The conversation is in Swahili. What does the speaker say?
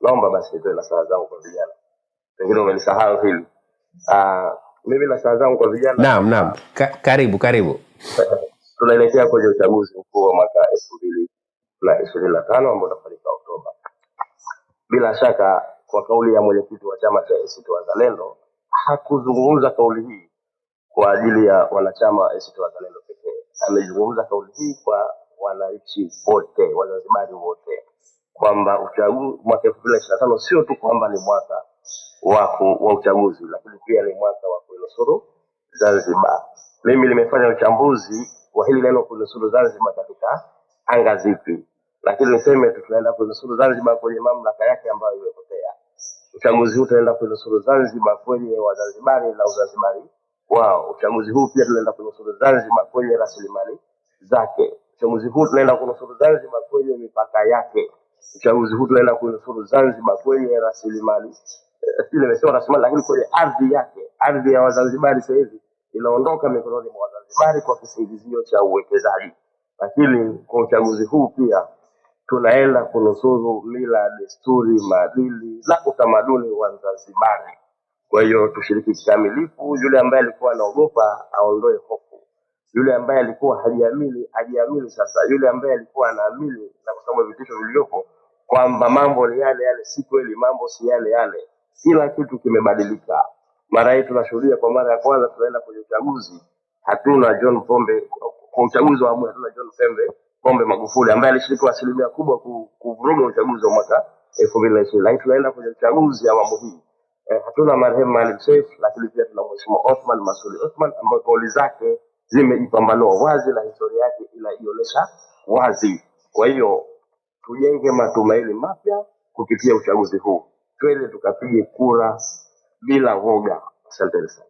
naomba basi nitoe nasaha zangu kwa vijana, pengine umenisahau hili. Uh, mimi nasaha zangu kwa vijana. Naam, naam. Ka karibu karibu. Tunaelekea kwenye uchaguzi mkuu wa mwaka elfu mbili na ishirini na tano ambao utafanyika Oktoba. Bila shaka kwa kauli ya mwenyekiti wa chama cha ACT Wazalendo hakuzungumza kauli hii kwa ajili ya wanachama wa ACT Wazalendo pekee, amezungumza kauli hii kwa wananchi wote, Wazanzibari wote kwamba uchaguzi mwaka elfu mbili na ishirini na tano sio tu kwamba ni mwaka wa uchaguzi, lakini pia ni mwaka wa kuinusuru Zanzibar. Mimi nimefanya uchambuzi wa hili neno kuinusuru Zanzibar katika anga zipi, lakini niseme tu tunaenda kuinusuru Zanzibar kwenye mamlaka yake ambayo imepotea. Uchaguzi huu tunaenda kuinusuru Zanzibar kwenye Wazanzibari na Uzanzibari wao. Uchaguzi huu pia tunaenda kunusuru Zanzibar kwenye rasilimali zake. Uchaguzi huu tunaenda kunusuru Zanzibar kwenye mipaka yake uchaguzi huu tunaenda kuinusuru Zanzibar kwenye rasilimali imesema rasilimali, lakini kwenye ardhi yake, ardhi ya Wazanzibari sasa hivi inaondoka mikononi mwa Wazanzibari kwa kisingizio cha uwekezaji. Lakini kwa uchaguzi huu pia tunaenda kunusuru mila, desturi, maadili na utamaduni wa Zanzibari. Kwa hiyo tushiriki kikamilifu. Yule ambaye alikuwa anaogopa aondoe hofu, yule ambaye alikuwa hajiamini ajiamini sasa, yule ambaye alikuwa anaamini, na kwa sababu vitisho vilivyopo kwamba mambo ni yale yale. Si kweli, mambo si yale yale, kila kitu kimebadilika. Mara hii tunashuhudia kwa mara ya kwanza, tunaenda kwenye uchaguzi, hatuna John Pombe kwa uchaguzi wa hatuna John Pembe Pombe Magufuli ambaye alishiriki asilimia kubwa kuvuruga uchaguzi wa mwaka elfu mbili na ishirini, lakini tunaenda kwenye uchaguzi ya mambo hii eh, hatuna marehemu Maalim Seif, lakini pia tuna mheshimiwa Othman Masudi Othman ambaye kauli zake zimejipambanua wazi na historia yake inaionyesha wazi. Kwa hiyo tujenge matumaini mapya kupitia uchaguzi huu, twende tukapige kura bila woga. Asanteni sana.